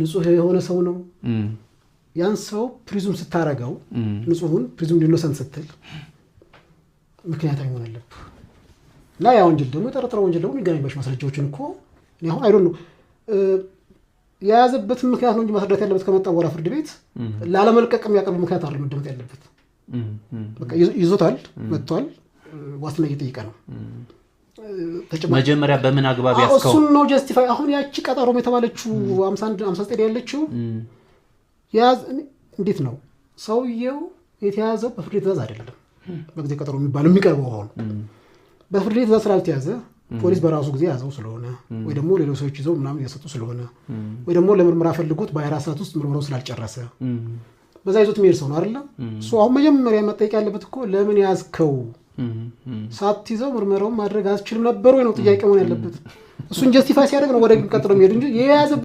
ንጹህ የሆነ ሰው ነው። ያን ሰው ፕሪዙም ስታረገው ንጹሁን ፕሪዙም ኢኖሰንት ስትል ምክንያት አይሆን አለብ ላ ያ ወንጀል ደግሞ የጠረጠረ ወንጀል ደግሞ የሚገናኝባቸው ማስረጃዎችን እኮ አሁን አይዶ ነው የያዘበትን ምክንያት ነው እንጂ ማስረዳት ያለበት ከመጣ በኋላ ፍርድ ቤት ላለመልቀቅ የሚያቀርብ ምክንያት አለ መደመጥ ያለበት። ይዞታል፣ መጥቷል፣ ዋስትና እየጠይቀ ነው። መጀመሪያ በምን አግባብ ያስከው ነው ጀስቲፋይ አሁን ያቺ ቀጠሮም የተባለችው ሀምሳ ያለችው ያዝ እንዴት ነው ሰውየው የተያዘው በፍርድ ቤት ትእዛዝ አይደለም። በጊዜ ቀጠሮ የሚባለ የሚቀርበው አሁን በፍርድ ቤት ትእዛዝ ስላልተያዘ ፖሊስ በራሱ ጊዜ ያዘው ስለሆነ ወይ ደግሞ ሌሎች ሰዎች ይዘው ምናምን ያሰጡ ስለሆነ ወይ ደግሞ ለምርምራ ፈልጎት በሀያ ሰዓት ውስጥ ምርምረው ስላልጨረሰ በዛ ይዞት የሚሄድ ሰው ነው አይደለም። አሁን መጀመሪያ መጠየቅ ያለበት እኮ ለምን ያዝከው ሳትይዘው ምርመራውን ማድረግ አስችልም ነበሩ ወይ ነው ጥያቄ መሆን ያለበት። እሱን ጀስቲፋይ ሲያደርግ ነው ወደ ቀጥሎ የሚሄዱ እንጂ የያዘ